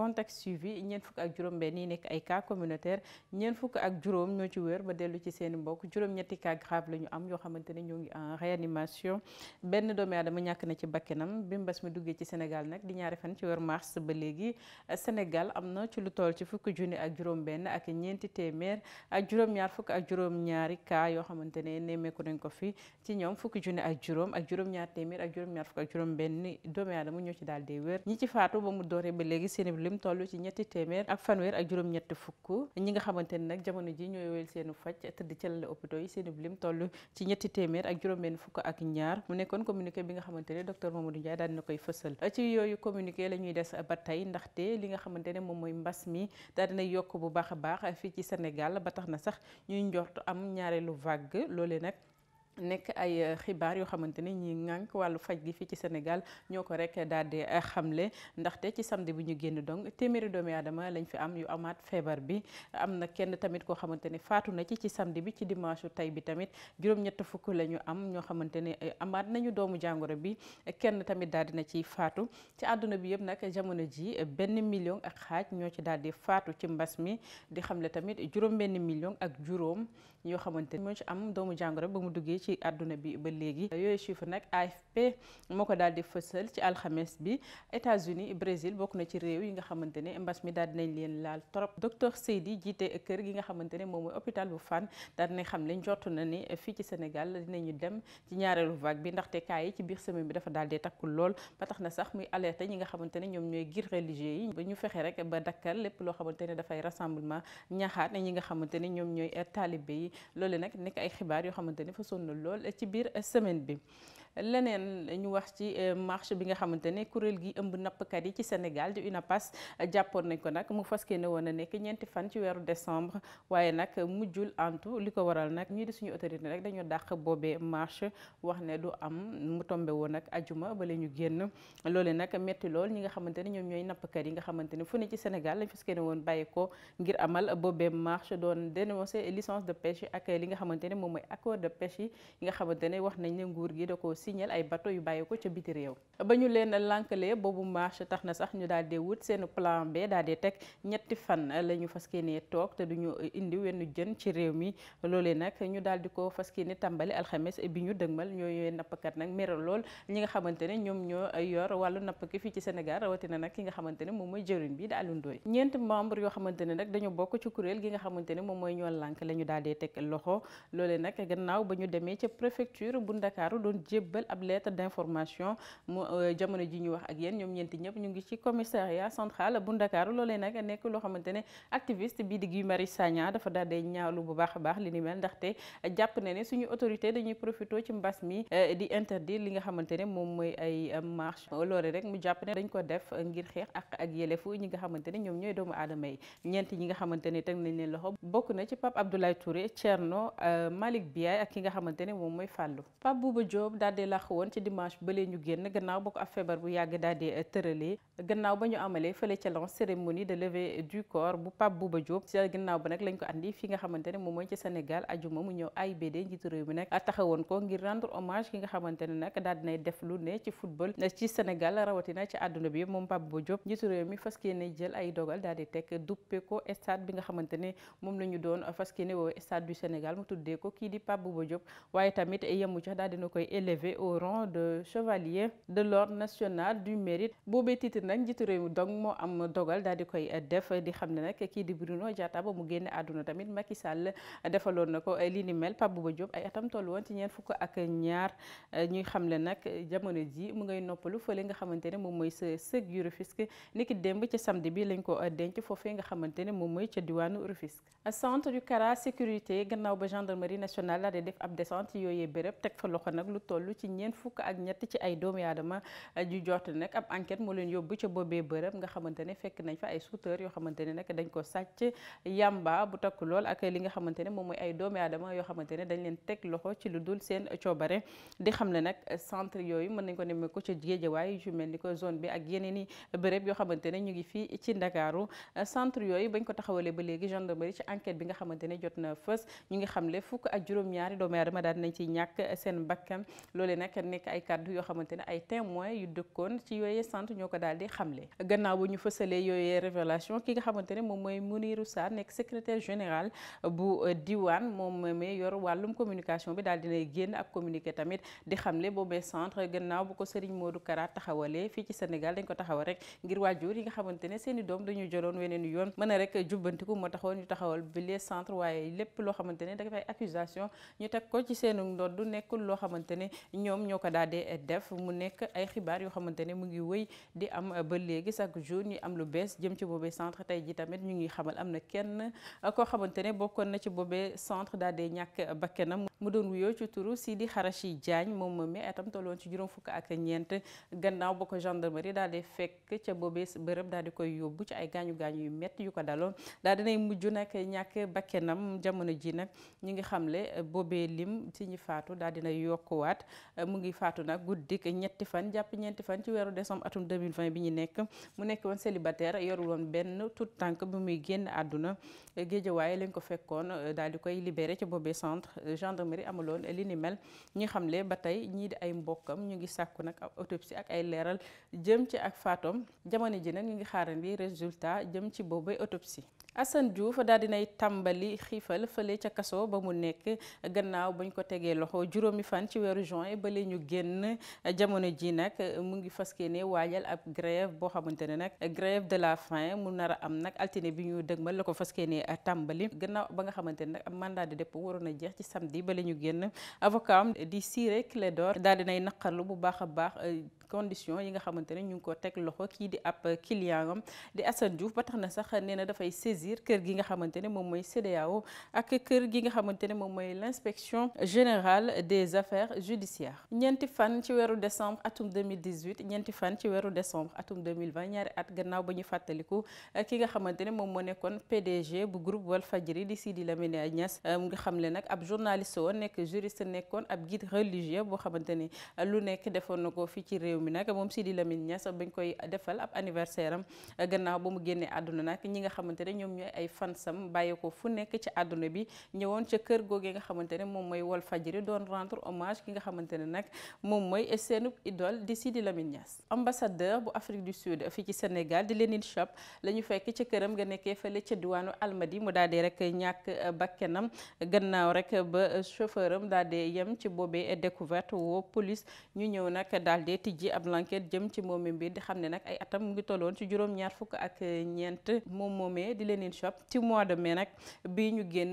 contact suivi ñeent fukk ak juróom benn yi nekk ay cas communautaire ñeent fukk ak juróom ñoo ci dellu ci seen mbokk juróom-ñetti cas grave la ñu yoo xamante ne ñoo ngi en réanimation benn doomu aadama ñàkk na ci bakkanam bi mbas mi duggee ci Sénégal nag di ñaari fan ci weeru mars ba léegi Sénégal am na ci lu toll ci fukki junni ak juróom benn ak ñeenti téeméer ak juróom-ñaar fukk ak juróom-ñaari cas yoo xamante ne nemmeeku nañ ko fi ci ñoom fukki junni juróom ak juróom-ñaar téeméer ak juróom-ñaar fukk ak juróom benn doomu aadama ñoo ci daal di wér ñi ci faatu ba mu dooree ba léegi seen lim toll ci ñetti téeméer ak fanweer ak juróom-ñetti fukk ñi nga xamante ni nag jamono ji ñooy wéyal seenu faj tëdd ci lal hôpitaux yi seen lim toll ci ñetti téeméer ak juróom-benn fukk ak ñaar mu nekkoon communiqué bi nga xamante ne docteur Mamadou Ndiaye daal dina koy fësal ci yooyu communiqué la ñuy des ba tey ndaxte li nga xamante ne moom mooy mbas mi daal dina yokk bu baax a baax fii ci Sénégal ba tax na sax ñuy njort am ñaareelu vague loole nag nekk ay euh, xibaar yoo xamante ni ñi ngànk wàllu faj gi fii ci Sénégal ñoo ko rek daal euh, xamle ndaxte ci samedi bu ñu génn dong téeméeri doomi aadama lañ fi am yu amaat feebar bi am na kenn tamit koo xamante ne faatu na ci ci samedi bi ci dimanche tey bi tamit juróom fukk la am ñoo xamante ne euh, amaat nañu doomu jàngoro bi kenn tamit daal di na ci faatu ci àdduna bi yëpp nag jamono ji benn million ak xaaj ñoo ci daal di faatu ci mbas mi di xamle tamit juróom benn million ak juróom yoo xamante ni moo ci am doomu jàngoro ba mu duggee ci ci àdduna bi ba léegi yooyu chiffre nag AFP moo ko daal di fësal ci alxames bi États-Unis Brésil bokk na ci réew yi nga xamante ne mbas mi daal dinañ leen laal trop docteur Seydi jiite kër gi nga xamante ne moom mooy hôpital bu Fann daal dinañ na ni fii ci Sénégal dinañu dem ci ñaareelu vague bi ndaxte cas yi ci biir semaine bi dafa daal di takku lool ba tax sax muy alerté ñi nga xamante ne ñoom ñooy guides religieux yi ba ñu fexe rek ba dakkal lépp loo xamante ne dafay rassemblement ñaxaat ñi nga xamante ne ñoom ñooy talibé yi loolu nag nekk ay xibaar yoo xamante ne na lool ci biir semaine bi leneen ñu wax ci euh, marche bi nga xamante ne kuréel gi ëmb nappkat yi ci Sénégal di UNAPAS jàppoon nañ ko nag mu fas yéene woon a nekk ñeenti fan ci weeru décembre waaye nag jul antu li ko waral nag ñu di suñu autorité rek dañoo daq boobee marché wax ne du am mu tombe woon ak ajuma ba la ñu génn loole nag metti lool ñi nga xamante ne ñoom ñooy nappkat yi nga xamante ne fu ne ci Sénégal lañ fas yéene woon bàyyi ko ngir amal boobee marche doon dénoncer licence de pêche ak li nga xamante ne moom mooy accord de pêche yi yi nga xamante ne wax nañ ne nguur gi da ko signal ay bateau yu bàyyi ko ca biti réew ba ñu leen lànkalee boobu marche tax na sax ñu daal di wut seen plan B daal di teg ñetti fan la ñu fas yéenee toog te duñu indi wenn jën ci réew mi loolee nag ñu daal di ko fas yéene tàmbali alxames bi ñu dëgmal ñooy nappkat nag meral lool ñi nga xamante ne ñoom ñoo yor wàllu napp ki fii ci Sénégal rawatina nag ki nga xamante ne moom mooy jëriñ bi di Alioune Ndoye ñeent membre yoo xamante ne nag dañu bokk ci kuréel gi nga xamante ne moom mooy ñoo lànk la ñu daal di teg loxo loolee nag gannaaw ba ñu demee demee ca préfecture bu Ndakaaru doon jébbal ab lettre d'information mu euh, jamono ji ñu wax ak yéen ñoom ñeenti ñëpp ñu ngi ci commissariat central bu Ndakaaru loolee nag nekk loo xamante ne activiste bi di Guy Marius Sagna dafa daal di ñaawlu bu baax a baax li ni mel ndaxte jàpp na ne suñu autorité dañuy profité ci mbas mi euh, di interdire li nga xamante ne moom mooy ay euh, marche loole rek mu jàpp ne dañ ko def ngir xeex ak ak yelefu ñi nga xamante ne ñoom ñooy doomu aadama yi ñeent ñi nga xamante ne teg nañ loxo bokk na ci Pape Abdoulaye xamante moom mooy fàllu Pape Bouba Diop daal di làq woon ci dimanche bële ñu génn gannaaw ba ko ab feebar bu yàgg daal di euh, tëralee gannaaw ba ñu amalee fële ca lan cérémonie de levée du corps bu Pape Bouba Diop ci gannaaw ba nag lañ ko andi fi nga xamante ne moom mooy ci Sénégal ajuma mu ñëw AIBD njiitu réew mi nag taxawoon ko ngir rendre hommage ki nga xamante ne nag daal dinay def lu ne ci football ci Sénégal rawatina ci àdduna bi moom Pape Bouba Diop njiitu réew mi fas yéene jël ay dogal daal di teg duppe ko stade bi nga xamante ne moom la ñu doon fas yéene woo stade du Sénégal mu tuddee ko kii di Pape Bouba Diop waaye tamit yemu ca daal dina koy élevé au rang de chevalier de l'ordre national du mérite boobee titre nag njiitu réew dong moo am dogal daal di koy def di xam ne nag kii di Bruno Diatta ba mu génne àdduna tamit Macky Sall defaloon na ko li ni mel Pape Bouba Diop ay atam toll woon ci ñeen fukk ak ñaar ñuy xam le nag jamono ji mu ngay noppalu fële nga xamante ne moom mooy sa sëg yu Rufisque ni dem démb ca samedi bi lañ ko denc foofee nga xamante ne moom mooy ca diwaanu Rufisque centre du Kara gannaaw ba gendarmerie nationale la def ab ans ci yooyee béréb eh, yoo xamante ne nag dañ ne moom mooy ay doomu aadama yoo ne dañ leen teg loxo ci lu dul seen yooyu mën nañ ko nemmee ko ca Géejawaay yu mel ni ko zone i béréb yoo xamante eh, yooyu bañ ko taxawalee ba léegi gendarmerie ci enquête bi nga xamante jot na fës ñu ngi xam le fukk ak juróom-ñaari doomu aadama daal nañ ci ñàkk seen bakkan loole nag nekk ay kàddu yoo xamante ne ay témoins yu dëkkoon ci yooyee centre ñoo ko daal di xamle gannaaw bu ñu fësalee yooyee révélation ki nga xamante ne moom mooy Mounirou Sarr nekk secrétaire général bu euh, diwaan moom mee yor wàllum communication bi daal dinay génn ak communiqué tamit di xamle boobee centre gannaaw bu ko Serigne du Kara taxawalee fii ci Sénégal dañ ko taxawal rek ngir waajur yi nga xamante ne seen doom dañu jëloon weneen yoon mën a rek jubbantiku moo taxoon ñu taxawal bi les centre waaye lépp loo xamante ne dafay accusation ñu teg ko ci seenu ndodd nekkul loo xamante ne ñoom ñoo ko daal def mu nekk ay xibaar yoo xamante ne mu ngi wëy di am ba léegi chaque jour ñu am lu bees jëm ci boobee centre tey ji tamit ñu ngi xamal am na kenn koo xamante ne bokkoon na ci boobee centre daal di ñàkk bakkanam mu doon wuyoo ci turu sii di Kharachi jaañ moom mi atam tolloon ci juróom fukk ak ñeent gannaaw ba ko gendarmerie daal di fekk ca boobee bërëb daal di koy yóbbu ci ay gaañu gaañu yu métti yu ko daloon daal dinay mujj nag ñàkk bakkanam jamono ji nag ñu ngi xamle boobee lim ci ñi faatu daal dina yokkuwaat euh, mu ngi faatu nag guddik ñetti fan jàpp ñeenti fan ci weeru décembre atum 2020 bi ñu nekk mu nekk woon célibataire yorul woon benn tout tànk bi muy génn àdduna euh, géejawaay lañ ko fekkoon euh, daal di koy libéré ci boobee centre gendarmerie amuloon li ni mel ñi xamle ba tey ñi di ay mbokkam ñu ngi sàkku nag autopsie ak ay leeral jëm ci ak faatoom jamono ji nag ñu ngi xaarandi résultat jëm ci boobu autopsie Assane Diouf daal dinay tàmbali xiifal fële ca kaso ba mu nekk ñu ko tegee loxo juróomi fan ci weeru juin ba la génn jamono ji nag mu ngi fas yéene waajal ab grève boo xamante ne nag grève de la faim mu nar am nag altine bi ñu dëgmal la ko fas yéene tàmbali gannaaw ba nga xamante ne nag ab mandat de dépôt waroon a jeex ci samedi ba la ñu génn avocat am di Ciré Clédor daal dinay naqarlu bu baax a baax condition yi nga xamante ne ñu ngi ko teg loxo kii di ab client am di Assane Diouf ba tax na sax nee na dafay saisir kër gi nga xamante ne moom mooy CEDEAO gi nga xamante ne moom mooy l'inspection général des affaires judiciaires ñeenti fan ci weeru décembre atum 2018 ñeenti fan ci weeru décembre atum 2020 ñaari at gannaaw ba ñu fàttaliku ki nga xamante ne moom moo nekkoon PDG bu groupe Walfadjri di Sidi Lamine Niass mu nga xam le nag ab journaliste woon nekk juriste nekkoon ab guide religieux boo xamante ne lu nekk defoon na ko fii ci réew réew mi nag moom Sidi Lamine Niass bañ koy defal ab anniversaire am gannaaw ba mu génnee àdduna nag ñi nga xamante ne ñoom ñooy ay fansam bàyyi ko fu nekk ci àdduna bi ñëwoon ca kër googee nga xamante ne moom mooy Walfadjri doon rendre hommage ki nga xamante ne nag moom mooy seenub idole di Sidi Lamine Niass ambassadeur bu Afrique du Sud fii ci Sénégal di Lénine Chop la ñu fekk ca këram nga nekkee fële ca diwaanu Almadi mu daal di rek ñàkk bakkenam gannaaw rek ba chauffeur am daal di yem ci boobee découverte woo police ñu ñëw nag daal ji ab enquête jëm ci moome mbir di xam ne nag ay atam mu ngi tolloon ci juróom ñaar fukk ak ñeent moom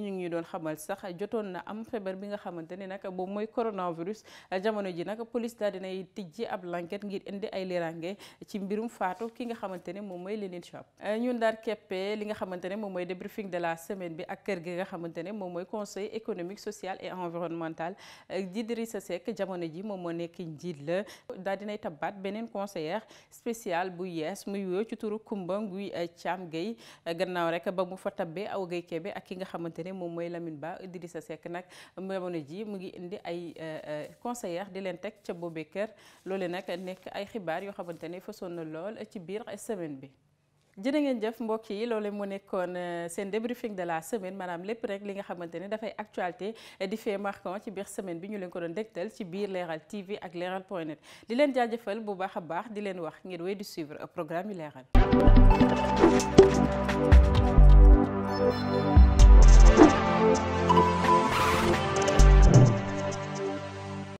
ngi doon xamal sax jotoon na am feebar bi nga xamante ne nag boobu mooy coronavirus jamono ji nag police daal dinay tijji ab enquête indi ay leerange ci mbirum faatu ki nga xamante ne moom mooy leneen shop ñun daar li nga xamante ne moom mooy débriefing de la semaine bi ak kër gi nga xamante ne moom mooy conseil économique social et environnemental Idrissa Seck jamono ji moom moo nekk njiit la daal dinay tabaat beneen conseillère spéciale bu yees muy wéy ci turu Kumba Nguy Thiam Gueye gannaaw rek ba mu fa tabbee aw Gueye Kébé ak ki nga xamante ne moom mooy Lamine Ba di sa Seck nag jamono ji mu ngi indi ay euh, euh, conseillère di leen teg ca boobee kër loolu nag nekk ay xibaar yoo xamante ne fasoon na lool ci biir semaine bi jërë ngeen jëf mbokk yi loole mu nekkoon euh, seen débriefing de la semaine manaam lépp rek li nga xamante ne dafay actualité euh, di fait marquant ci biir semaine bi ñu leen ko doon dégtal ci biir leeral TV ak leeral point net di leen jaajëfal bu baax a baax di leen wax ngeen wéy di suivre euh, programme yu leeral.